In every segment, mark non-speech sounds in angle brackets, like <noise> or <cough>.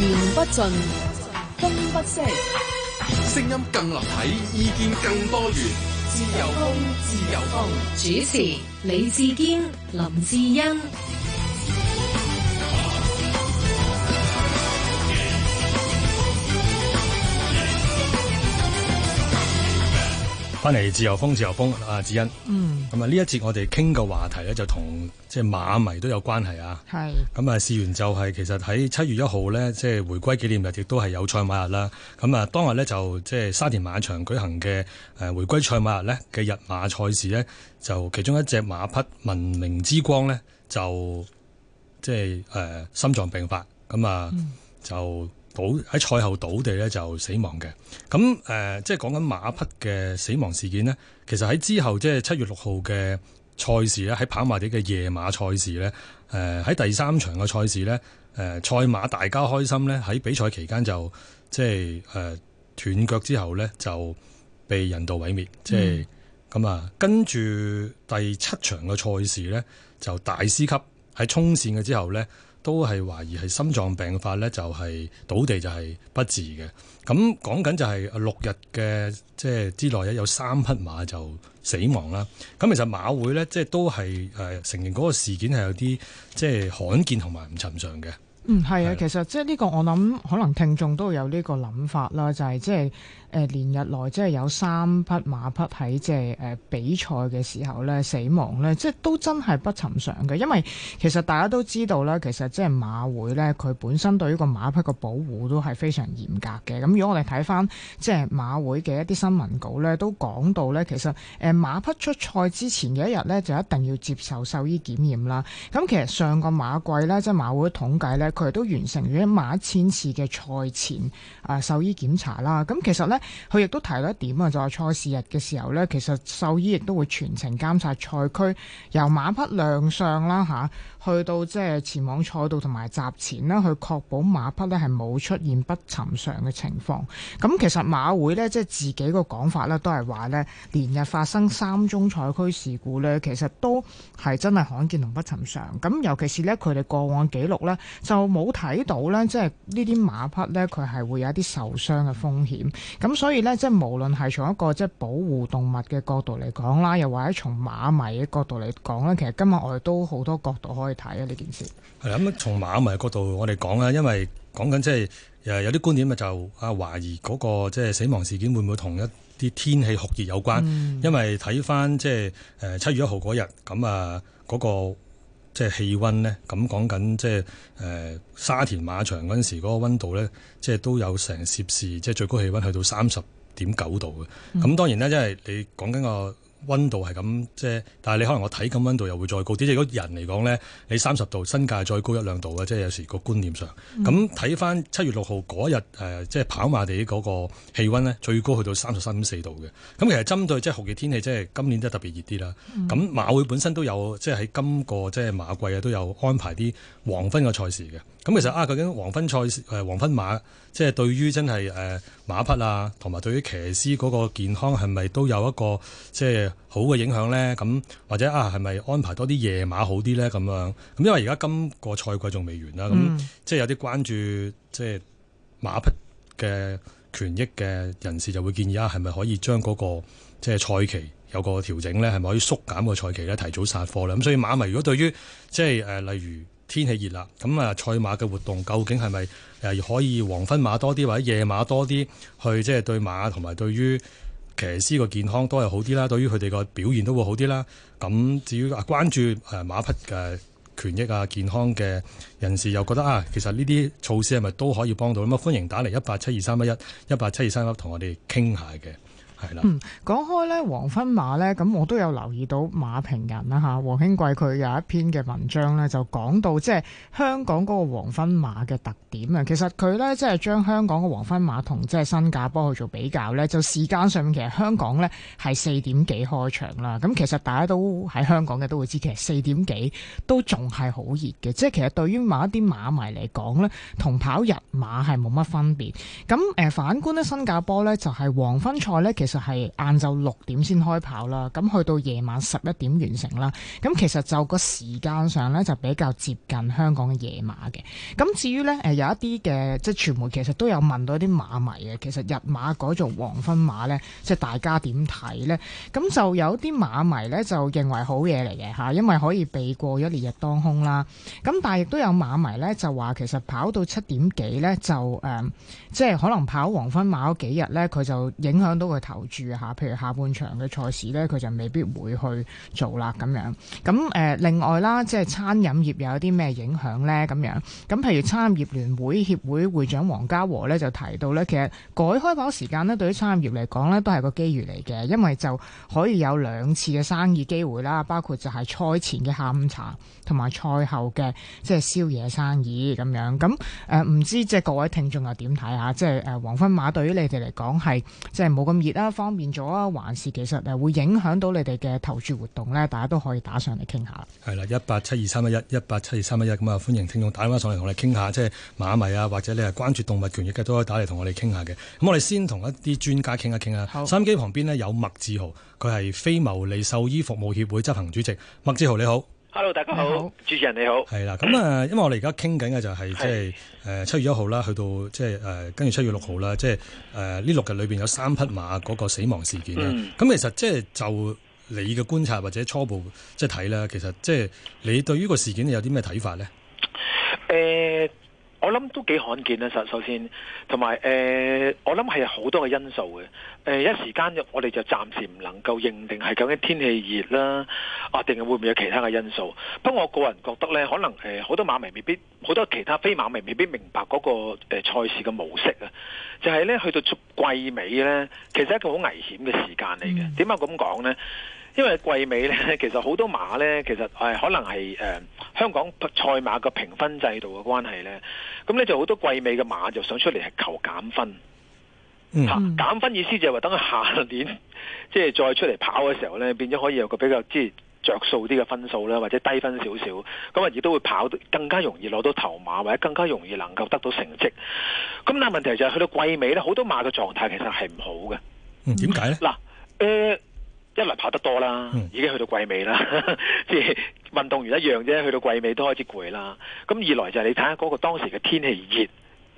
言不盡，風不息，聲音更立體，意見更多元，自由風，自由風。主持：李志堅、林志恩。翻嚟自由風，自由風啊，子欣。嗯。咁啊，呢一節我哋傾嘅話題咧，就同即係馬迷都有關係啊。係。咁啊，試完就係其實喺七月一號咧，即係回歸紀念日，亦都係有賽馬日啦。咁啊，當日咧就即係沙田馬場舉行嘅誒回歸賽馬日咧嘅日馬賽事咧，就其中一隻馬匹文明之光咧，就即係誒心臟病發，咁啊就。嗯倒喺賽後倒地咧就死亡嘅。咁誒、呃、即係講緊馬匹嘅死亡事件呢，其實喺之後即係七月六號嘅賽事咧，喺跑馬地嘅夜馬賽事咧，誒、呃、喺第三場嘅賽事咧，誒、呃、賽馬大家開心咧，喺比賽期間就即係誒斷腳之後咧就被人道毀滅，嗯，即係咁啊，跟住第七場嘅賽事咧就大師級喺衝線嘅之後咧。都係懷疑係心臟病發咧，就係，就係倒地就係不治嘅。咁講緊就係六日嘅即係之內咧，有三匹馬就死亡啦。咁其實馬會咧，即係都係誒承認嗰個事件係有啲即係罕見同埋唔尋常嘅。嗯，係啊，其實即係呢個我諗，可能聽眾都有呢個諗法啦，就係即係誒連日來即係有三匹馬匹喺即係誒比賽嘅時候咧死亡咧，即係都真係不尋常嘅。因為其實大家都知道啦，其實即係馬會咧，佢本身對呢個馬匹嘅保護都係非常嚴格嘅。咁如果我哋睇翻即係馬會嘅一啲新聞稿咧，都講到咧，其實誒、呃、馬匹出賽之前嘅一日咧，就一定要接受獸醫檢驗啦。咁其實上個馬季咧，即係馬會統計咧。佢都完成咗一萬一千次嘅賽前啊呃、獸醫檢查啦，咁其實呢，佢亦都提到一點啊，就係賽事日嘅時候呢，其實獸醫亦都會全程監察賽區，由馬匹亮相啦吓、啊，去到即係前往賽道同埋閘前啦，去確保馬匹呢係冇出現不尋常嘅情況。咁其實馬會呢，即係自己個講法呢，都係話呢連日發生三宗賽區事故呢，其實都係真係罕見同不尋常。咁尤其是呢，佢哋過往記錄呢，就冇睇到咧，即係呢啲馬匹咧，佢係會有一啲受傷嘅風險。咁所以咧，即係無論係從一個即係保護動物嘅角度嚟講啦，又或者從馬迷嘅角度嚟講咧，其實今日我哋都好多角度可以睇啊呢件事。係啦，咁從馬迷角度我哋講咧，因為講緊即係誒有啲觀點咪就啊懷疑嗰個即係死亡事件會唔會同一啲天氣酷熱有關？嗯、因為睇翻即係誒七月一號嗰日咁啊嗰個。即係氣温咧，咁講緊即係誒沙田馬場嗰陣時嗰個温度咧，即係都有成攝氏，即係最高氣温去到三十點九度嘅。咁、嗯、當然啦，即係你講緊個。温度係咁，即係但係你可能我體感温度又會再高啲。即係如果人嚟講咧，你三十度，身價再高一兩度嘅，即係有時個觀念上。咁睇翻七月六號嗰日、呃、即係跑馬地嗰個氣温咧，最高去到三十三點四度嘅。咁其實針對即係酷熱天氣，即係今年都特別熱啲啦。咁、嗯、馬會本身都有即係喺今個即係馬季啊，都有安排啲。黃昏嘅賽事嘅，咁其實啊，究竟黃昏賽誒、黃昏馬，即係對於真係誒馬匹啊，同埋對於騎師嗰個健康係咪都有一個即係好嘅影響咧？咁或者啊，係咪安排多啲夜馬好啲咧？咁樣咁，因為而家今個賽季仲未完啦，咁即係有啲關注即係馬匹嘅權益嘅人士就會建議啊，係咪可以將嗰個即係賽期有個調整咧？係咪可以縮減個賽期咧？提早殺貨咧？咁所以馬迷如果對於即係誒例如，天氣熱啦，咁啊賽馬嘅活動究竟係咪可以黃昏馬多啲或者夜馬多啲，去即係對馬同埋對於騎師嘅健康都係好啲啦，對於佢哋嘅表現都會好啲啦。咁至於啊關注誒馬匹嘅權益啊健康嘅人士又覺得啊，其實呢啲措施係咪都可以幫到？咁歡迎打嚟一八七二三一一一八七二三一，同我哋傾下嘅。嗯，講開咧黃昏馬咧，咁我都有留意到馬評人啦嚇，黃興貴佢有一篇嘅文章咧，就講到即係香港嗰個黃昏馬嘅特點啊。其實佢咧即係將香港嘅黃昏馬同即係新加坡去做比較咧，就時間上面其實香港咧係四點幾開場啦。咁其實大家都喺香港嘅都會知，其實四點幾都仲係好熱嘅。即係其實對於某一啲馬迷嚟講咧，同跑日馬係冇乜分別。咁誒反觀咧新加坡咧，就係黃昏賽咧其實。就係晏晝六點先開跑啦，咁去到夜晚十一點完成啦。咁其實就個時間上咧就比較接近香港嘅夜馬嘅。咁至於咧誒有一啲嘅即係傳媒其實都有問到啲馬迷嘅，其實日馬改做黃昏馬咧，即係大家點睇咧？咁就有啲馬迷咧就認為好嘢嚟嘅嚇，因為可以避過咗烈日當空啦。咁但係亦都有馬迷咧就話其實跑到七點幾咧就誒，即係可能跑黃昏馬嗰幾日咧佢就影響到佢頭住下，譬如下半場嘅賽事呢，佢就未必會去做啦咁樣。咁誒，另外啦，即係餐飲業又有啲咩影響咧咁樣。咁譬如餐飲業聯會協會會長黃家和咧就提到咧，其實改開跑時間咧，對於餐飲業嚟講咧都係個機遇嚟嘅，因為就可以有兩次嘅生意機會啦，包括就係賽前嘅下午茶，同埋賽後嘅即係宵夜生意咁樣。咁誒，唔知即係各位聽眾又點睇下，即係誒黃昏馬對於你哋嚟講，係即係冇咁熱啦。方便咗，還是其實誒會影響到你哋嘅投注活動呢？大家都可以打上嚟傾下。係啦，一八七二三一一一八七二三一一，咁啊，歡迎聽眾打電話上嚟同我哋傾下，即係馬迷啊，或者你係關注動物權益嘅都可以打嚟同我哋傾下嘅。咁我哋先同一啲專家傾一傾啊。收音機旁邊呢，有麥志豪，佢係非牟利獸醫服務協會執行主席。麥志豪你好。Hello，大家好，好主持人你好。係啦，咁、嗯、啊，因為我哋而家傾緊嘅就係即係誒七月一號啦，去到即係誒跟住七月六號啦，即係誒呢六日裏邊有三匹馬嗰個死亡事件咧。咁、嗯、其實即係就你嘅觀察或者初步即係睇咧，其實即係你對於呢個事件你有啲咩睇法咧？誒、欸。我諗都幾罕見啊。首先，同埋誒，我諗係好多嘅因素嘅。誒、呃、一時間，我哋就暫時唔能夠認定係究竟天氣熱啦，啊定係會唔會有其他嘅因素？不過我個人覺得咧，可能好、呃、多馬迷未必，好多其他非馬迷未必明白嗰、那個誒、呃、賽事嘅模式啊。就係、是、咧，去到出季尾咧，其實一個好危險嘅時間嚟嘅。點解咁講咧？因為季尾咧，其實好多馬咧，其實係可能係誒、呃、香港賽馬個評分制度嘅關係咧，咁咧就好多季尾嘅馬就想出嚟係求減分，吓、嗯、減、啊、分意思就係話等佢下年即係再出嚟跑嘅時候咧，變咗可以有個比較即係着數啲嘅分數啦，或者低分少少，咁啊亦都會跑更加容易攞到頭馬，或者更加容易能夠得到成績。咁但係問題就係、是、去到季尾咧，好多馬嘅狀態其實係唔好嘅，點解咧？嗱誒。一嚟跑得多啦，已經去到季尾啦，即 <laughs> 係運動員一樣啫，去到季尾都開始攰啦。咁二來就係你睇下嗰個當時嘅天氣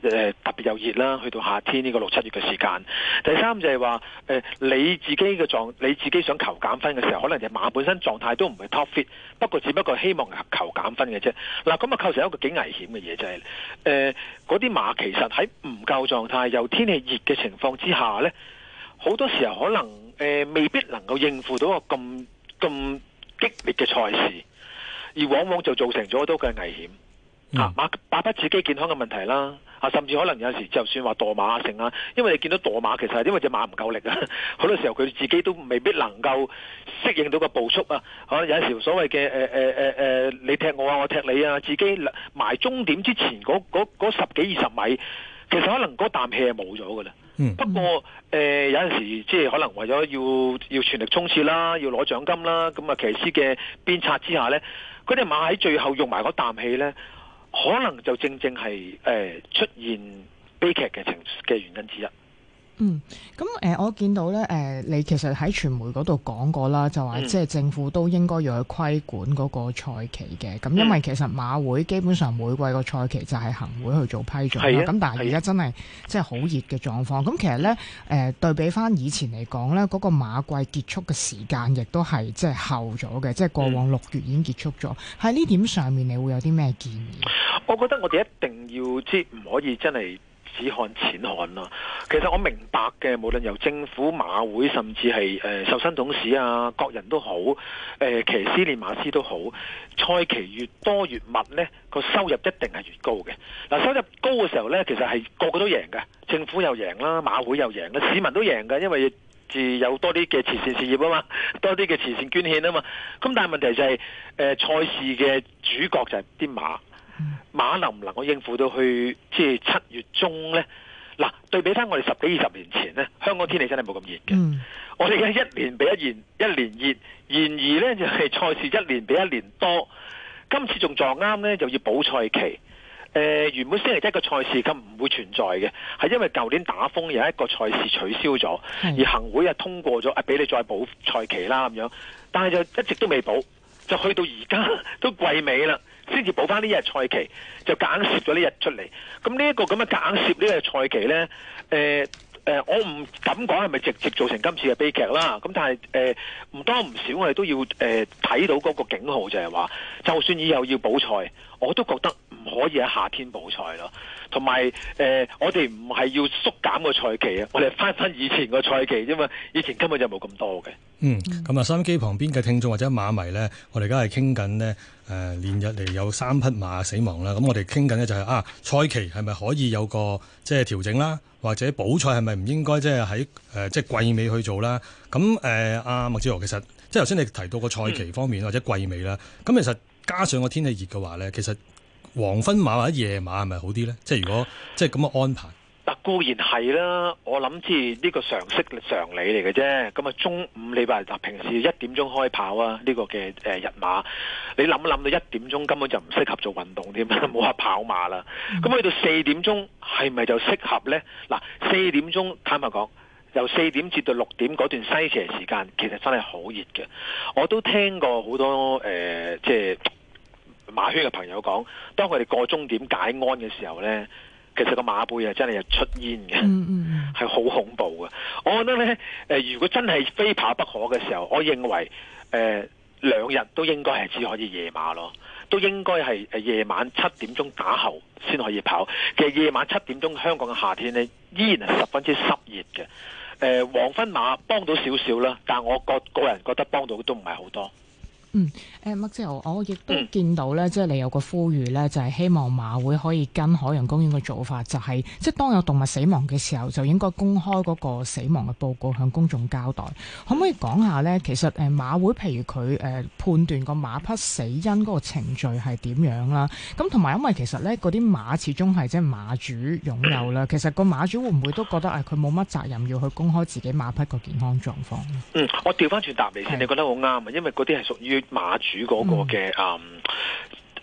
熱，誒、呃、特別又熱啦，去到夏天呢個六七月嘅時間。第三就係話誒你自己嘅狀，你自己想求減分嘅時候，可能隻馬本身狀態都唔係 top fit，不過只不過希望求減分嘅啫。嗱咁啊，構成一個幾危險嘅嘢就係誒嗰啲馬其實喺唔夠狀態又天氣熱嘅情況之下咧，好多時候可能。誒、呃，未必能夠應付到個咁咁激烈嘅賽事，而往往就造成咗好多嘅危險，嗯、啊，馬匹自己健康嘅問題啦，啊，甚至可能有時候就算話墮馬成啊，因為你見到墮馬其實係因為隻馬唔夠力啊，好多時候佢自己都未必能夠適應到個步速啊，可能有時候所謂嘅誒誒誒誒，你踢我啊，我踢你啊，自己埋終點之前嗰十幾二十米，其實可能嗰啖氣係冇咗噶啦。 <noise> 不過誒、呃，有陣時即係可能為咗要要全力衝刺啦，要攞獎金啦，咁啊騎師嘅鞭策之下咧，佢哋馬喺最後用埋嗰啖氣咧，可能就正正係誒、呃、出現悲劇嘅情嘅原因之一。嗯，咁、呃、我見到咧、呃，你其實喺傳媒嗰度講過啦，就話即係政府都應該要去規管嗰個賽期嘅，咁、嗯、因為其實馬會基本上每季個賽期就係行會去做批准咁、嗯、但係而家真係即係好熱嘅狀況，咁其實呢，呃、對比翻以前嚟講呢嗰、嗰個馬季結束嘅時間亦都係即係後咗嘅，即、就、係、係、過往六月已經結束咗，喺、嗯、呢點上面你會有啲咩建議？我覺得我哋一定要即唔可以真係。只看錢看啦，其實我明白嘅，無論由政府馬會，甚至係誒、呃、受薪董事啊，各人都好，誒、呃、騎師練馬師都好，賽期越多越密呢，個收入一定係越高嘅。嗱，收入高嘅時候呢，其實係個個都贏嘅，政府又贏啦，馬會又贏啦，市民都贏嘅，因為自有多啲嘅慈善事業啊嘛，多啲嘅慈善捐獻啊嘛。咁但係問題就係、是、誒、呃、賽事嘅主角就係啲馬。嗯、馬能唔能夠應付到去即係七月中呢？嗱，對比翻我哋十幾二十年前呢，香港天氣真係冇咁熱嘅。我哋一一年比一年一年熱，然而呢，就係、是、賽事一年比一年多。今次仲撞啱呢，就要補賽期、呃。原本星期一嘅賽事咁唔會存在嘅，係因為舊年打風有一個賽事取消咗，而行會啊通過咗，啊俾你再補賽期啦咁樣。但係就一直都未補，就去到而家都季尾啦。先至補返呢日賽期，就夾硬塞咗呢日出嚟。咁呢一個咁嘅夾硬塞呢日賽期呢，呃呃、我唔敢講係咪直接造成今次嘅悲劇啦。咁但係唔、呃、多唔少，我哋都要睇、呃、到嗰個警號，就係話，就算以後要補賽，我都覺得。唔可以喺夏天補賽咯，同埋誒，我哋唔係要縮減個賽期啊！我哋翻翻以前個賽期啫嘛，因為以前根本就冇咁多嘅。嗯，咁啊，收音機旁邊嘅聽眾或者馬迷咧，我哋而家係傾緊呢誒，連日嚟有三匹馬死亡啦。咁我哋傾緊呢就係、是、啊，賽期係咪可以有個即係、就是、調整啦？或者補賽係咪唔應該即係喺誒即係季尾去做啦？咁誒，阿、呃、麥、啊、志豪其實即係頭先你提到個賽期方面、嗯、或者季尾啦。咁其實加上個天氣熱嘅話咧，其實。黃昏馬或者夜晚係咪好啲呢？即係如果即係咁嘅安排，嗱固然係啦，我諗即係呢個常識常理嚟嘅啫。咁啊，中午禮拜日平時一點鐘開跑啊，呢、這個嘅誒、呃、日馬，你諗諗到一點鐘根本就唔適合做運動添，冇 <laughs> 話跑馬啦。咁、mm -hmm. 去到四點鐘係咪就適合呢？嗱，四點鐘坦白講，由四點至到六點嗰段西斜時間，其實真係好熱嘅。我都聽過好多誒、呃，即係。馬圈嘅朋友講，當佢哋過終點解鞍嘅時候呢，其實個馬背啊真係又出煙嘅，係好恐怖嘅。我覺得呢，誒，如果真係非跑不可嘅時候，我認為誒兩日都應該係只可以夜馬咯，都應該係夜晚七點鐘打後先可以跑。其實夜晚七點鐘香港嘅夏天呢，依然係十分之濕熱嘅。誒、呃，黃昏馬幫到少少啦，但我個個人覺得幫到都唔係好多。嗯，誒麥志豪，我亦都見到咧、嗯，即係你有個呼籲咧，就係、是、希望馬會可以跟海洋公園嘅做法，就係、是、即係當有動物死亡嘅時候，就應該公開嗰個死亡嘅報告，向公眾交代。可唔可以講下咧？其實誒馬會譬如佢誒、呃、判斷個馬匹死因嗰個程序係點樣啦？咁同埋因為其實咧嗰啲馬始終係即係馬主擁有啦、嗯。其實個馬主會唔會都覺得誒佢冇乜責任要去公開自己馬匹個健康狀況咧？嗯，我調翻轉答你先、嗯，你覺得好啱啊，因為嗰啲係屬於。馬主嗰個嘅誒、嗯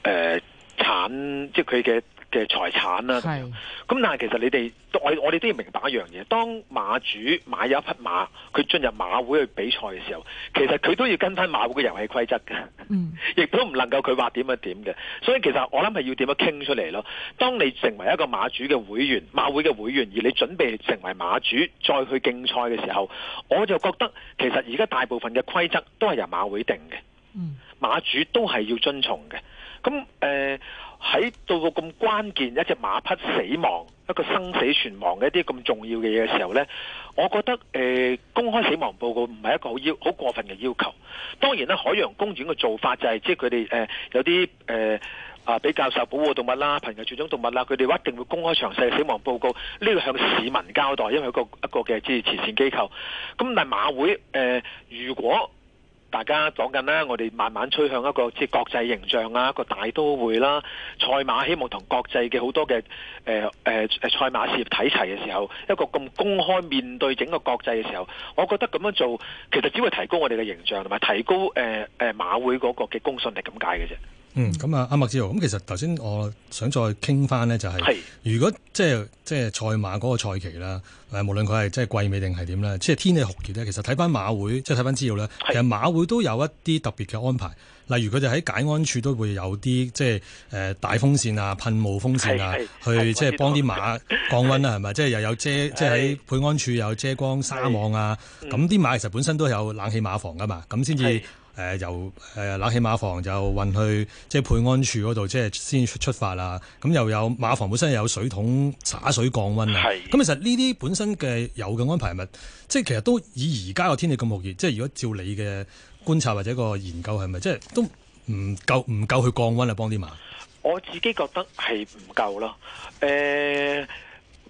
嗯呃、產，即係佢嘅嘅財產啦。咁但係其實你哋我我哋都要明白一樣嘢，當馬主買咗一匹馬，佢進入馬會去比賽嘅時候，其實佢都要跟翻馬會嘅遊戲規則嘅，亦都唔能夠佢話點啊點嘅。所以其實我諗係要點樣傾出嚟咯。當你成為一個馬主嘅會員，馬會嘅會員，而你準備成為馬主再去競賽嘅時候，我就覺得其實而家大部分嘅規則都係由馬會定嘅。嗯，馬主都係要遵從嘅。咁誒喺到個咁關鍵，一隻馬匹死亡，一個生死存亡嘅一啲咁重要嘅嘢嘅時候咧，我覺得誒、呃、公開死亡報告唔係一個好要好過分嘅要求。當然咧，海洋公園嘅做法就係即係佢哋誒有啲誒啊比較受保護動物啦、瀕危絕種動物啦，佢哋一定會公開詳細嘅死亡報告，呢個向市民交代，因為一個一個嘅即係慈善機構。咁但係馬會誒、呃、如果。大家講緊啦，我哋慢慢趨向一個即係國際形象啊，一個大都會啦，賽馬希望同國際嘅好多嘅誒誒誒賽馬事業睇齊嘅時候，一個咁公開面對整個國際嘅時候，我覺得咁樣做其實只會提高我哋嘅形象同埋提高誒誒、呃、馬會嗰個嘅公信力咁解嘅啫。嗯，咁啊，阿麥志豪，咁其實頭先我想再傾翻咧，就係如果即係即係賽馬嗰個賽期啦，誒，無論佢係即係季尾定係點咧，即係天氣酷熱咧，其實睇翻馬會，即係睇翻資料咧，其實馬會都有一啲特別嘅安排，例如佢哋喺解鞍處都會有啲即係、呃、大風扇啊、噴霧風扇啊，去即係、就是、幫啲馬降溫啊，係咪？即係又有遮，即係喺配鞍處有遮光紗網啊，咁啲馬其實本身都有冷氣馬房㗎嘛，咁先至。誒由誒冷氣馬房就運去即係配安處嗰度，即係先出發啦。咁又有馬房本身有水桶灑水降溫啊。咁其實呢啲本身嘅有嘅安排是是，係咪即係其實都以而家個天氣咁酷熱？即係如果照你嘅觀察或者個研究是是，係咪即係都唔夠唔夠去降溫啊？幫啲馬，我自己覺得係唔夠咯。誒、呃、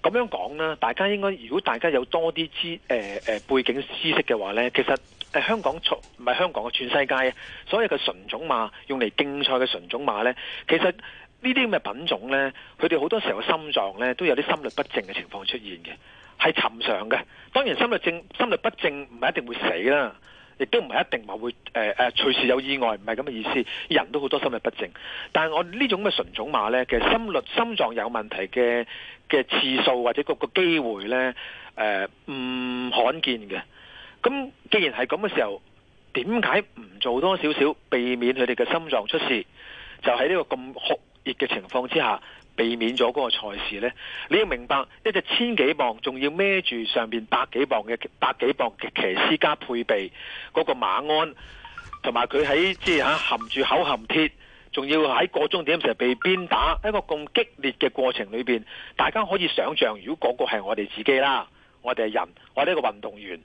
咁樣講啦，大家應該如果大家有多啲知誒誒、呃、背景知識嘅話咧，其實。誒香港唔係香港嘅全世界啊！所有嘅純種馬用嚟競賽嘅純種馬呢，其實呢啲咁嘅品種呢，佢哋好多時候心臟呢都有啲心律不正嘅情況出現嘅，係尋常嘅。當然心律正、心律不正唔係一定會死啦，亦都唔係一定話會誒誒、呃、隨時有意外，唔係咁嘅意思。人都好多心律不正，但係我呢種咁嘅純種馬其實嘅心律、心臟有問題嘅嘅次數或者個個機會呢呃、唔罕見嘅。咁既然係咁嘅時候，點解唔做多少少，避免佢哋嘅心臟出事？就喺呢個咁酷熱嘅情況之下，避免咗嗰個賽事咧？你要明白，一隻千幾磅，仲要孭住上面百幾磅嘅百幾磅嘅騎師加配備嗰個馬鞍，同埋佢喺即係嚇含住口含鐵仲要喺個終點成日被鞭打，一個咁激烈嘅過程裏邊，大家可以想象，如果嗰個係我哋自己啦，我哋係人，我哋係一個運動員。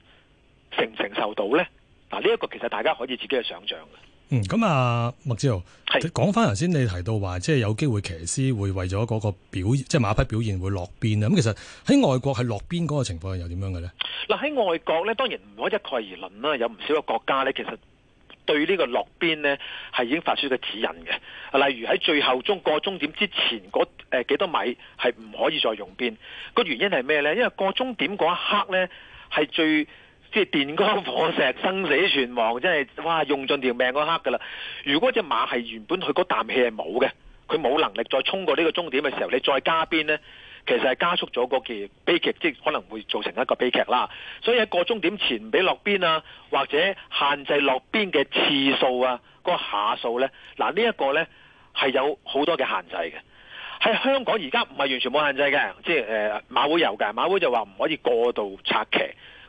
承唔承受到呢？嗱，呢一個其實大家可以自己去想像嘅。嗯，咁啊，麥志豪，係講翻頭先你提到話，即係有機會騎師會為咗嗰個表，即係馬匹表現會落鞭。咁其實喺外國係落鞭嗰個情況又點樣嘅呢？嗱，喺外國呢，當然唔可以一概而論啦。有唔少嘅國家呢，其實對呢個落鞭呢係已經發出咗指引嘅。例如喺最後衝過終點之前嗰、誒幾多米係唔可以再用鞭。個原因係咩呢？因為過終點嗰一刻呢係最即係電光火石、生死存亡，真係哇！用盡條命嗰刻㗎啦。如果隻馬係原本佢嗰啖氣係冇嘅，佢冇能力再衝過呢個終點嘅時候，你再加鞭呢，其實係加速咗個悲劇，即係可能會造成一個悲劇啦。所以喺個終點前唔俾落鞭啊，或者限制落鞭嘅次數啊，嗰個下數呢，嗱呢一個呢，係有好多嘅限制嘅。喺香港而家唔係完全冇限制嘅，即係誒馬會有㗎，馬會就話唔可以過度策騎。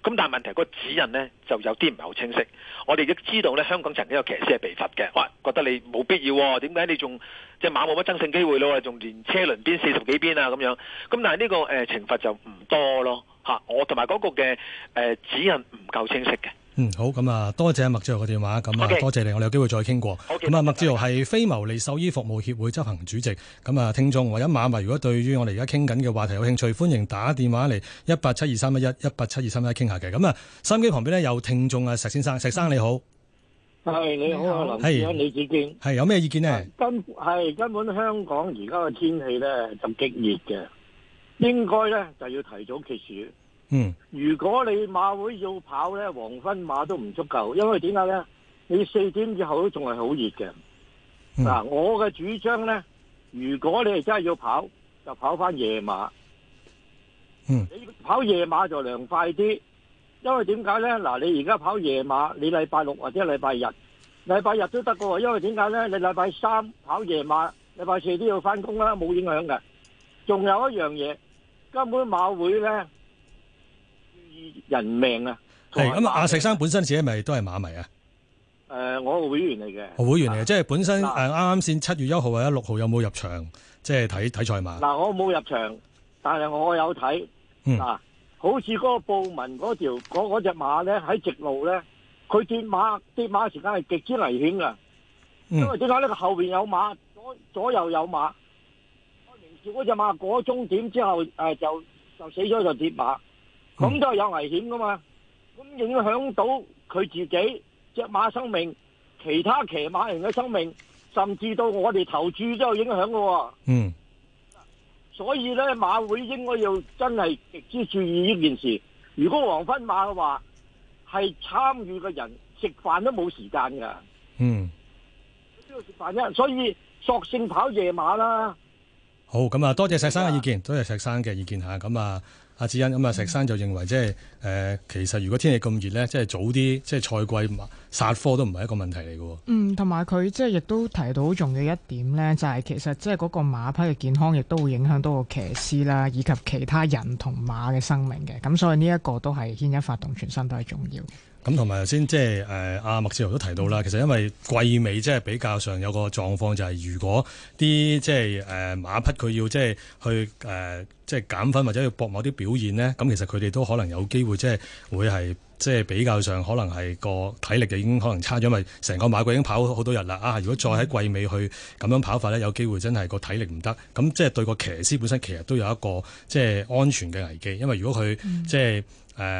咁但係問題個指引呢就有啲唔係好清晰。我哋亦知道呢，香港曾經有騎師係被罰嘅，話覺得你冇必要，點解你仲即係馬冇乜爭勝機會咯？仲連車輪鞭四十幾鞭啊咁樣。咁但係呢個誒懲罰就唔多咯嚇。我同埋嗰個嘅誒指引唔夠清晰嘅。嗯，好，咁、嗯、啊，多謝麥志豪嘅電話，咁、嗯、啊，okay, 多謝你，我哋有機會再傾過。咁、okay, 啊、嗯，麥志豪係非牟利獸醫服務協會執行主席。咁、嗯、啊，聽眾，或者馬迷如果對於我哋而家傾緊嘅話題有興趣，歡迎打電話嚟，一八七二三一一，一八七二三一傾下嘅。咁啊，收音機旁邊呢，有聽眾啊，石先生，石生你好，係你好啊，林先生，李係有咩意見呢？根係根本香港而家嘅天氣咧就激熱嘅，應該咧就要提早揭暑。嗯，如果你馬會要跑咧，黃昏馬都唔足夠，因為點解咧？你四點以後都仲係好熱嘅。嗱、嗯，我嘅主張咧，如果你係真係要跑，就跑翻夜馬。嗯，你跑夜馬就涼快啲，因為點解咧？嗱，你而家跑夜馬，你禮拜六或者禮拜日，禮拜日都得噶。因為點解咧？你禮拜三跑夜馬，禮拜四都要翻工啦，冇影響㗎。仲有一樣嘢，根本馬會咧。人命啊！係咁啊，阿、哎、石生本身自己咪都係馬迷啊！誒、呃，我個會員嚟嘅，會員嚟嘅、啊，即係本身誒，啱啱先七月一號或者六號有冇入場，啊、即係睇睇賽馬？嗱、啊，我冇入場，但係我有睇。嗱、嗯啊，好似嗰個布文嗰條嗰隻隻馬咧，喺直路咧，佢跌馬跌馬嘅時間係極之危險噶、嗯，因為點解咧？後邊有馬，左右有馬，明嗰隻馬過咗終點之後誒、呃，就就死咗就跌馬。咁都係有危險噶嘛？咁影響到佢自己隻馬生命，其他騎馬人嘅生命，甚至到我哋投注都有影響噶啊。嗯。所以咧，馬會應該要真係極之注意呢件事。如果黃昏馬嘅話，係參與嘅人食飯都冇時間噶。嗯。食飯啫？所以索性跑夜馬啦。好，咁啊，多謝石生嘅意見，多謝石生嘅意見吓，咁啊。阿志恩，咁啊，石生就認為即係誒，其實如果天氣咁熱咧，即係早啲即係賽季殺科都唔係一個問題嚟嘅。嗯，同埋佢即係亦都提到好重要一點咧，就係其實即係嗰個馬匹嘅健康，亦都會影響到個騎師啦，以及其他人同馬嘅生命嘅。咁所以呢一個都係牽一發動全身，都係重要。咁同埋頭先，即係誒阿麥志豪都提到啦，嗯，其實因為季尾即係比較上有個狀況就，就係如果啲即係誒馬匹佢要即係去誒即係減分或者要搏某啲表現咧，咁其實佢哋都可能有機會即係會係即係比較上可能係個體力已經可能差咗，因為成個馬季已經跑好多日啦。啊，如果再喺季尾去咁樣跑法咧，有機會真係個體力唔得。咁即係對個騎師本身其實都有一個即係安全嘅危機，因為如果佢即係誒。嗯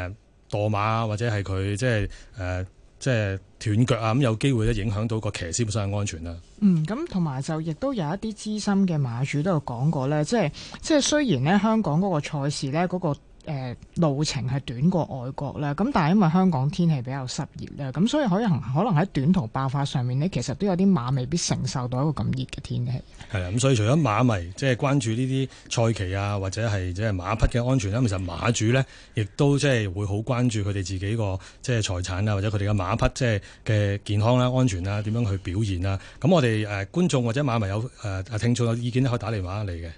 嗯墮馬或者係佢、呃、即係誒即係斷腳啊，咁有機會咧，影響到個騎師本身嘅安全啦。嗯，咁同埋就亦都有一啲資深嘅馬主都有講過咧，即係即係雖然咧香港嗰個賽事咧、嗰、嗰、個誒路程係短過外國啦，咁但係因為香港天氣比較濕熱咧，咁所以可能可能喺短途爆發上面呢，其實都有啲馬未必承受到一個咁熱嘅天氣。係啦，咁所以除咗馬迷即係關注呢啲賽期啊，或者係即係馬匹嘅安全咧，其實馬主呢，亦都即係會好關注佢哋自己個即係財產啊，或者佢哋嘅馬匹即係嘅健康啦、安全啦、點樣去表現啦。咁我哋誒觀眾或者馬迷有誒聽眾有意見都可以打電話嚟嘅。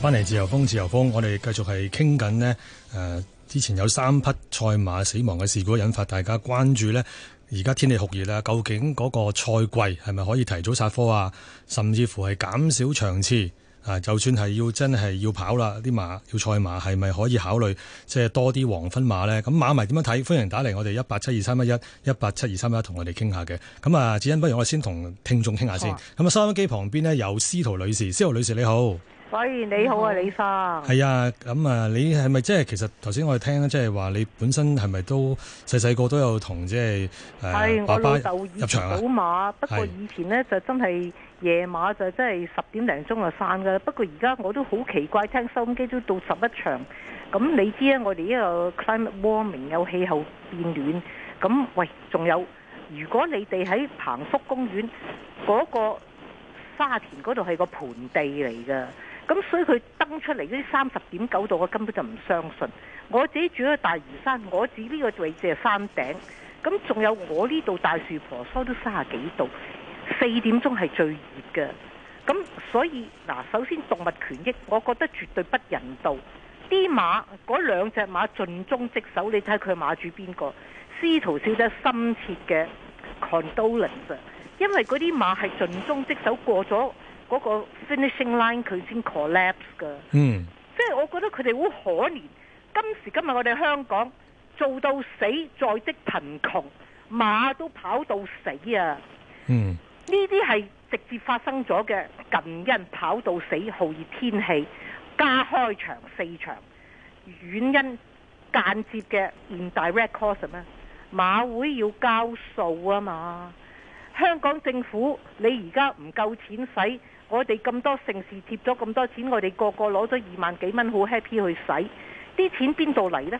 翻嚟自由風，自由風，我哋繼續係傾緊呢。誒、呃，之前有三匹賽馬死亡嘅事故，引發大家關注呢。而家天氣酷熱啦，究竟嗰個賽季係咪可以提早煞科啊？甚至乎係減少場次啊？就算係要真係要跑啦，啲馬要賽馬係咪可以考慮即係多啲黃昏馬呢？咁馬迷點樣睇？歡迎打嚟我哋一八七二三一一，一八七二三一同我哋傾下嘅。咁啊，子欣不如我先同聽眾傾下先。咁啊，收音機旁邊呢，有司徒女士，司徒女士你好。喂，你好啊，嗯、李生。係啊，咁、嗯、啊，你係咪即係其實頭先我哋聽即係話你本身係咪都細細個都有同即係爸爸入場啊？入場啊！不過以前呢，就真係夜晚就真係十點零鐘就散噶啦。不過而家我都好奇怪，聽收音機都到十一場。咁你知咧，我哋呢個 climate warming 有氣候變暖。咁喂，仲有，如果你哋喺彭福公園嗰、那個沙田嗰度係個盆地嚟噶。咁所以佢登出嚟嗰啲三十點九度，我根本就唔相信。我自己住喺大嶼山，我自己呢個位置係山頂，咁仲有我呢度大樹婆娑都三十幾度，四點鐘係最熱嘅。咁所以嗱，首先動物權益，我覺得絕對不人道。啲馬嗰兩隻馬盡忠職守，你睇佢馬主邊個？司徒小姐深切嘅，Condolence 嘅，Condolence，因為嗰啲馬係盡忠職守過咗。嗰、那個 finishing line 佢先 collapse 㗎，嗯，即係我覺得佢哋好可憐。今時今日我哋香港做到死，在職貧窮，馬都跑到死啊！呢啲係直接發生咗嘅近因，跑到死酷熱天氣加開場四場，遠因間接嘅 indirect cause 啊，馬會要交數啊嘛，香港政府你而家唔夠錢使。我哋咁多城市貼咗咁多錢，我哋個個攞咗二萬幾蚊，好 happy 去使。啲錢邊度嚟呢？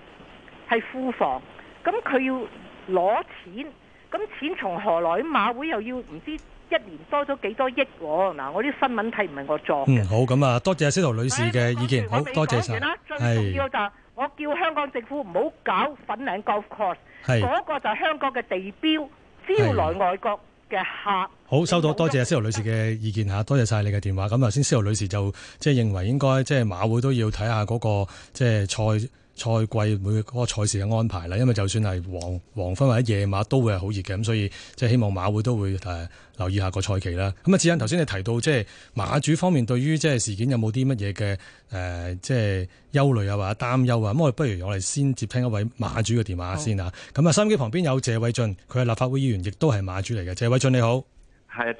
係庫房。咁佢要攞錢，咁錢從何來？馬會又要唔知一年多咗幾多億喎。嗱，我啲新聞睇唔係我作嘅。嗯，好，咁啊，多謝阿司徒女士嘅意見，說說好，多謝曬。最重要就我叫香港政府唔好搞粉嶺 golf course，嗰個就係香港嘅地標，招來外國。嘅客好，收到，多謝司徒女士嘅意見嚇，多謝曬你嘅電話。咁頭先司徒女士就即係認為應該即係馬會都要睇下嗰、那個即係、就是、賽。賽季每個嗰賽事嘅安排啦，因為就算係黃黃昏或者夜晚都會係好熱嘅，咁所以即係希望馬會都會誒、呃、留意一下個賽期啦。咁啊，至於頭先你提到即係馬主方面對於即係事件有冇啲乜嘢嘅誒即係憂慮啊或者擔憂啊，咁我不如我哋先接聽一位馬主嘅電話先啊。咁啊，收音機旁邊有謝偉俊，佢係立法會議員，亦都係馬主嚟嘅。謝偉俊你好。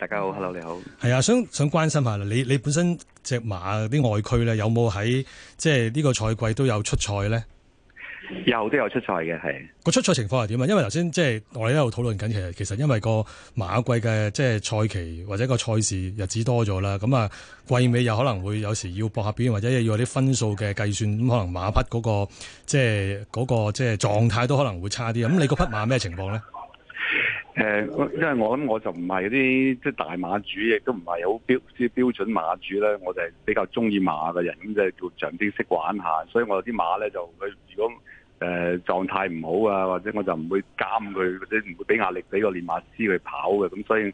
大家好，Hello，你好。係啊，想想關心下你你本身隻馬啲外區咧，有冇喺即係呢個賽季都有出賽呢？有都有出賽嘅，係。個出賽情況係點啊？因為頭先即係我哋一路討論緊，其實其實因為個馬季嘅即係賽期或者個賽事日子多咗啦，咁啊季尾又可能會有時要博下表，或者要有啲分數嘅計算，咁可能馬匹嗰個即係嗰個即係狀態都可能會差啲。咁你嗰匹馬咩情況呢？誒、嗯，因為我諗我就唔係啲即係大馬主，亦都唔係好標啲標準馬主咧。我就係比較中意馬嘅人咁就係、叫長啲識玩下，所以我有啲馬咧就佢如果誒、呃、狀態唔好啊，或者我就唔會監佢，或者唔會俾壓力俾個練馬師去跑嘅。咁所以，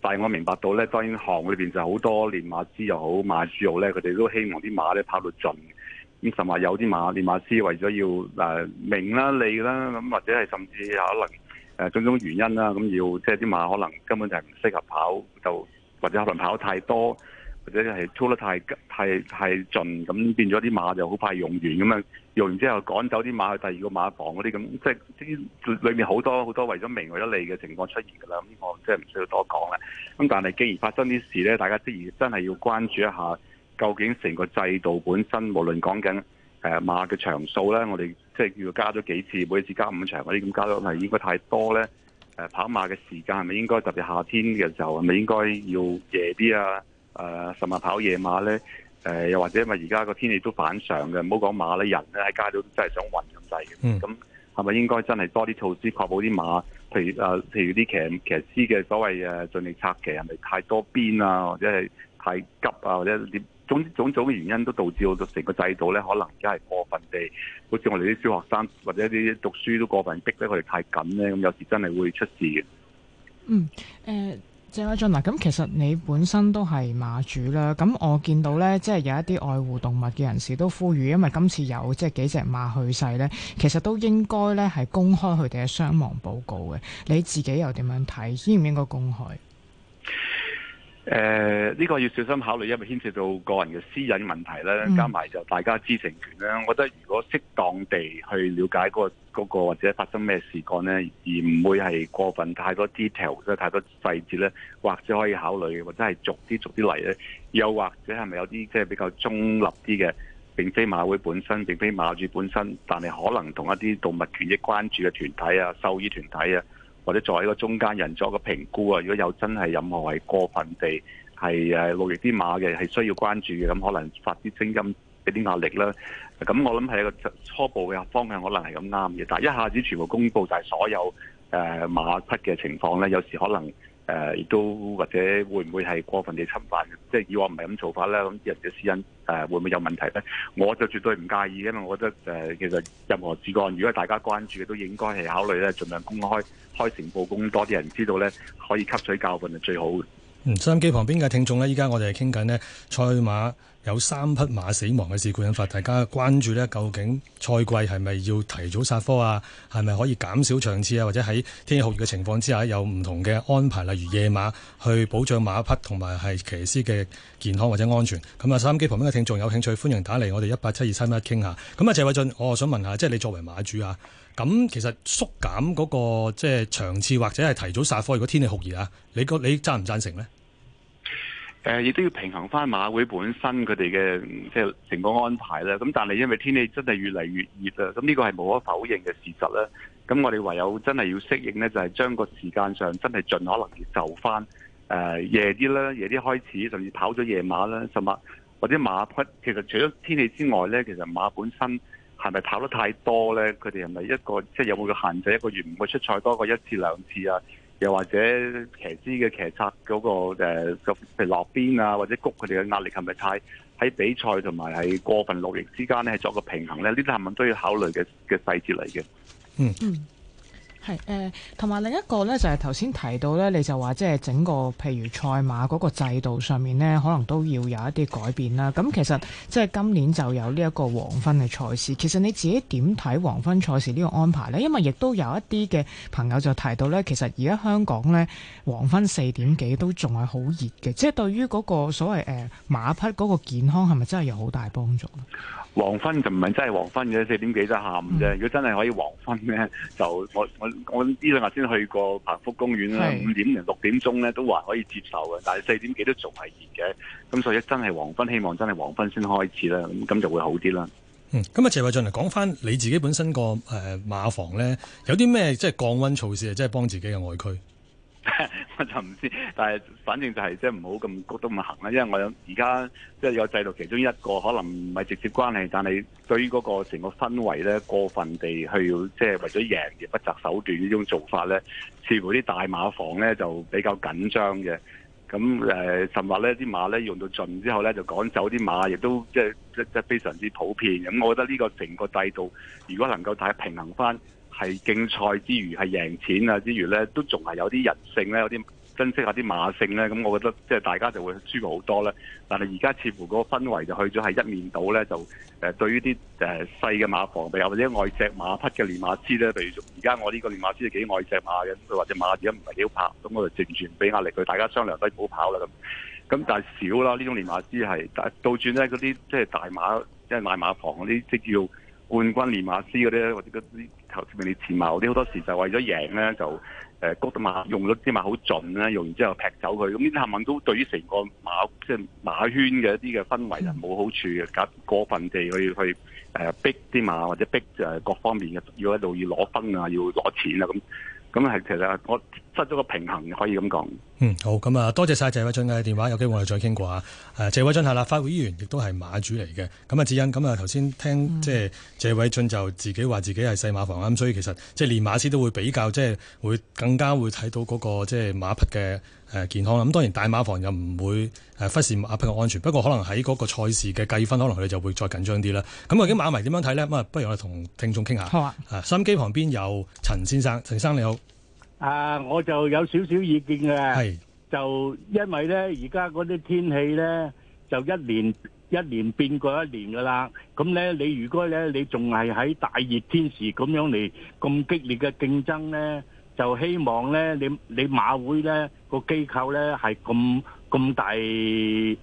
但係我明白到咧，當然行裏邊就好多練馬師又好馬主又好咧，佢哋都希望啲馬咧跑到盡。咁甚至有啲馬，練馬師為咗要誒名啦利啦、啊，咁或者係甚至有可能。誒種種原因啦，咁要即係啲馬可能根本就係唔適合跑，就或者可能跑太多，或者係操得太太太盡，咁變咗啲馬就好快用完咁樣，用完之後趕走啲馬去第二個馬房嗰啲，咁即係啲裏面好多好多為咗名為咗利嘅情況出現㗎啦，咁我即係唔需要多講啦。咁但係既然發生啲事咧，大家即係真係要關注一下，究竟成個制度本身無論講緊。誒、呃、馬嘅場數咧，我哋即係要加咗幾次，每一次加五場嗰啲咁加咗係應該太多咧。誒、呃、跑馬嘅時間係咪應該特別夏天嘅時候係咪應該要夜啲啊？誒、呃，甚至跑夜馬咧？誒、呃、又或者因為而家個天氣都反常嘅，唔好講馬咧，人咧喺街都真係想暈咁滯嘅。咁係咪應該真係多啲措施確保啲馬？譬如誒，譬、啊、如啲騎騎師嘅所謂誒、啊、盡力策騎係咪太多鞭啊，或者係太急啊，或者啲？總總總嘅原因都導致到成個制度咧，可能而家係過分地，好似我哋啲小學生或者啲讀書都過分逼得佢哋太緊咧，咁有時真係會出事嘅。嗯，誒、呃，謝偉俊嗱，咁其實你本身都係馬主啦，咁我見到咧，即係有一啲愛護動物嘅人士都呼籲，因為今次有即係幾隻馬去世咧，其實都應該咧係公開佢哋嘅傷亡報告嘅。你自己又點樣睇？議，應唔應該公開？誒、呃、呢、這個要小心考慮，因為牽涉到個人嘅私隱問題咧，加埋就大家嘅知情權咧、嗯。我覺得如果適當地去了解嗰、那、嗰個、那個、或者發生咩事幹咧，而唔會係過分太多 detail 即係太多細節咧，或者可以考慮，或者係逐啲逐啲嚟咧，又或者係咪有啲即係比較中立啲嘅，並非馬會本身，並非馬主本身，但係可能同一啲動物權益關注嘅團體啊、獸醫團體啊。或者作為一個中間人作個評估啊，如果有真係任何係過分地係誒勞役啲馬嘅，係需要關注嘅，咁可能發啲聲音俾啲壓力啦。咁我諗係一個初步嘅方向，可能係咁啱嘅。但係一下子全部公佈晒所有誒、呃、馬匹嘅情況咧，有時可能誒亦、呃、都或者會唔會係過分地侵犯？即係以往唔係咁做法咧，咁人嘅私隱誒會唔會有問題咧？我就絕對唔介意，因為我覺得誒、呃、其實任何主管，如果大家關注嘅，都應該係考慮咧，盡量公開。開誠布公，多啲人知道呢，可以吸取教訓係最好嘅。嗯，收音機旁邊嘅聽眾呢，依家我哋係傾緊呢賽馬有三匹馬死亡嘅事故引發大家關注呢，究竟賽季係咪要提早煞科啊？係咪可以減少場次啊？或者喺天氣酷熱嘅情況之下，有唔同嘅安排，例如夜馬去保障馬匹同埋係騎師嘅健康或者安全。咁啊，收音機旁邊嘅聽眾有興趣，歡迎打嚟我哋一八七二三一傾下。咁啊，謝偉俊，我想問下，即係你作為馬主啊？咁其實縮減嗰個即係場次或者係提早煞科，如果天氣酷熱啊，你覺你贊唔贊成呢？誒、呃，亦都要平衡翻馬會本身佢哋嘅，即係成個安排啦。咁但係因為天氣真係越嚟越熱啦，咁呢個係無可否認嘅事實啦。咁我哋唯有真係要適應呢，就係將個時間上真係盡可能就翻誒夜啲啦，夜、呃、啲開始，甚至跑咗夜馬啦，什物或者馬匹。其實除咗天氣之外呢，其實馬本身。係咪跑得太多呢？佢哋係咪一個即係有冇個限制一個月唔會出賽多過一,一次兩次啊？又或者騎師嘅騎策嗰、嗰個誒落邊啊，或者谷佢哋嘅壓力係咪太喺比賽同埋係過分落力之間呢，係作個平衡呢？呢啲係咪都要考慮嘅嘅細節嚟嘅？嗯嗯。係同埋另一個呢，就係頭先提到呢，你就話即係整個譬如賽馬嗰個制度上面呢，可能都要有一啲改變啦。咁其實即係今年就有呢一個黃昏嘅賽事。其實你自己點睇黃昏賽事呢個安排呢？因為亦都有一啲嘅朋友就提到呢，其實而家香港呢，黃昏四點幾都仲係好熱嘅，即係對於嗰個所謂誒馬匹嗰個健康係咪真係有好大幫助呢？黃昏就唔係真係黃昏嘅，四點幾就下午啫。如果真係可以黃昏咧，就我我我呢兩日先去過彭福公園，呢五點零六點鐘咧都還可以接受嘅，但係四點幾都仲係熱嘅。咁所以真係黃昏，希望真係黃昏先開始啦，咁咁就會好啲啦。嗯，咁啊，謝偉俊嚟講翻你自己本身個誒、呃、馬房咧，有啲咩即係降溫措施啊，即係幫自己嘅外區。 <laughs> 我就唔知，但係反正就係即係唔好咁覺得唔行啦，因為我有而家即係有制度，其中一個可能唔係直接關係，但係對於嗰個成個氛圍咧，過分地去即係、就是、為咗贏而不擇手段呢種做法咧，似乎啲大馬房咧就比較緊張嘅。咁誒、呃，甚或呢啲馬咧用到盡之後咧，就趕走啲馬，亦都即係即即非常之普遍。咁我覺得呢個成個制度如果能夠睇平衡翻，係競賽之餘係贏錢啊之餘咧，都仲係有啲人性咧，有啲珍惜一下啲馬性咧。咁我覺得即係大家就會舒服好多呢。但係而家似乎個氛圍就去咗係一面倒咧，就誒對於啲誒細嘅馬房比較、譬如或者愛隻馬匹嘅練馬師咧，譬如而家我呢個練馬師係幾愛隻馬嘅，佢或者馬而家唔係幾好跑，咁我就完全唔俾壓力佢，大家商量低唔好跑啦咁。咁但係少啦，呢種練馬師係，倒轉咧嗰啲即係大馬即係、就是、買馬房嗰啲即叫。冠軍練馬師嗰啲咧，或者嗰啲頭前面前矛啲，好多時就為咗贏咧，就誒谷啲馬，用咗啲馬好盡啦，用完之後劈走佢。咁呢啲係咪都對於成個馬即係馬圈嘅一啲嘅氛圍啊，冇好處嘅，假過分地去去誒逼啲馬，或者逼各方面嘅要喺度要攞分啊，要攞錢啊咁。咁係其實我失咗個平衡，可以咁講。嗯，好，咁、嗯、啊，多謝晒謝偉俊嘅電話，有機會我哋再傾過啊。誒，謝偉俊係立法會議員，亦都係馬主嚟嘅。咁啊，智欣，咁、嗯、啊，頭、嗯、先聽即係、就是、謝偉俊就自己話自己係細馬房咁，所以其實即係連馬師都會比較，即係會更加會睇到嗰、那個即係馬匹嘅。誒健康啦，咁當然大馬房又唔會誒忽視馬匹嘅安全，不過可能喺嗰個賽事嘅計分，可能佢哋就會再緊張啲啦。咁究竟馬迷點樣睇咧？咁啊，不如我哋同聽眾傾下。好啊，啊，收音機旁邊有陳先生，陳生你好。啊，我就有少少意見嘅，係就因為咧，而家嗰啲天氣咧，就一年一年變過一年噶啦。咁咧，你如果咧，你仲係喺大熱天時咁樣嚟咁激烈嘅競爭咧？就希望咧，你你馬會咧個機構咧係咁咁大嘅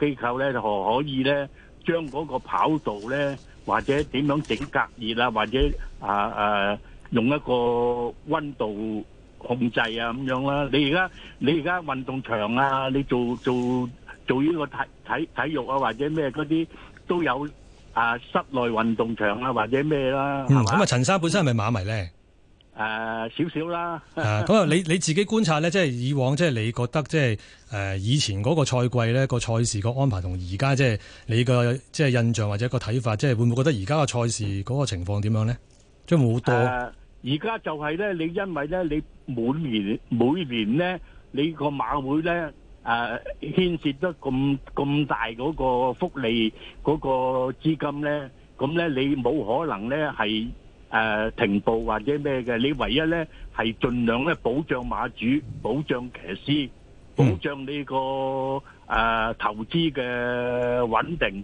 機構咧，何可以咧將嗰個跑道咧，或者點樣整隔熱啊，或者啊啊用一個溫度控制啊咁樣啦？你而家你而家運動場啊，你做做做呢個體體體育啊，或者咩嗰啲都有啊，室內運動場啊，或者咩啦，係嘛？嗯，咁啊，陳生本身係咪馬迷咧？誒少少啦。誒，咁啊，你你自己觀察咧，即係以往，即係你覺得即係誒、呃、以前嗰個賽季咧，個賽事個安排同而家即係你個即係印象或者個睇法，即係會唔會覺得而家個賽事嗰個情況點樣咧？將會好多。而、呃、家就係咧，你因為咧，你每年每年咧，你個馬會咧誒，牽涉得咁咁大嗰個福利嗰個資金咧，咁咧你冇可能咧係。誒，停步或者咩嘅？你唯一咧係盡量咧保障馬主、保障騎師、保障你個誒投資嘅穩定，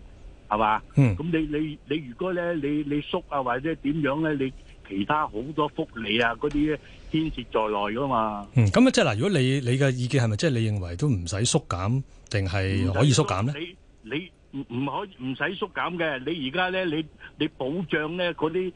係嘛？嗯，咁你你你如果咧你你縮啊或者點樣咧？你其他好多福利啊嗰啲牽涉在內噶嘛。嗯，咁啊即係嗱，如果你你嘅意見係咪即係你認為都唔使縮減，定係可以縮減咧？你你唔唔可以唔使縮減嘅？你而家咧你你保障咧嗰啲。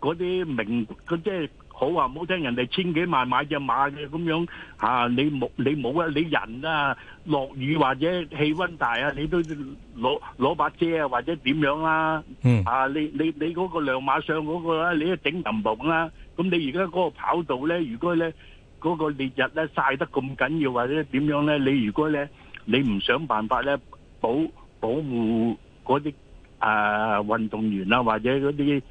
嗰啲名，佢即係好話唔好聽，人哋千幾萬買隻馬嘅咁樣，吓、啊、你冇你冇啊！你人啊，落雨或者氣溫大啊，你都攞攞把遮啊、嗯啊，啊，啊，那個呃、啊，或者點樣啦？啊你你你嗰個亮馬上嗰個啦，你都整淋布啦。咁你而家嗰個跑道咧，如果咧嗰個烈日咧曬得咁緊要，或者點樣咧？你如果咧你唔想辦法咧保保護嗰啲誒運動員啦，或者嗰啲。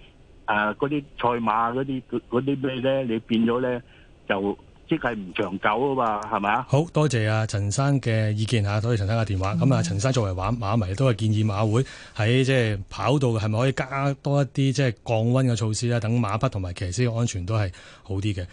誒、啊，嗰啲賽馬嗰啲啲咩咧？你變咗咧，就即係唔長久啊嘛，係咪啊？好多謝阿陳生嘅意見吓，多謝陳生嘅電話。咁、嗯、啊，陳生作為馬馬迷，都係建議馬會喺即係跑道係咪可以加多一啲即係降溫嘅措施咧？等馬匹同埋騎師嘅安全都係好啲嘅。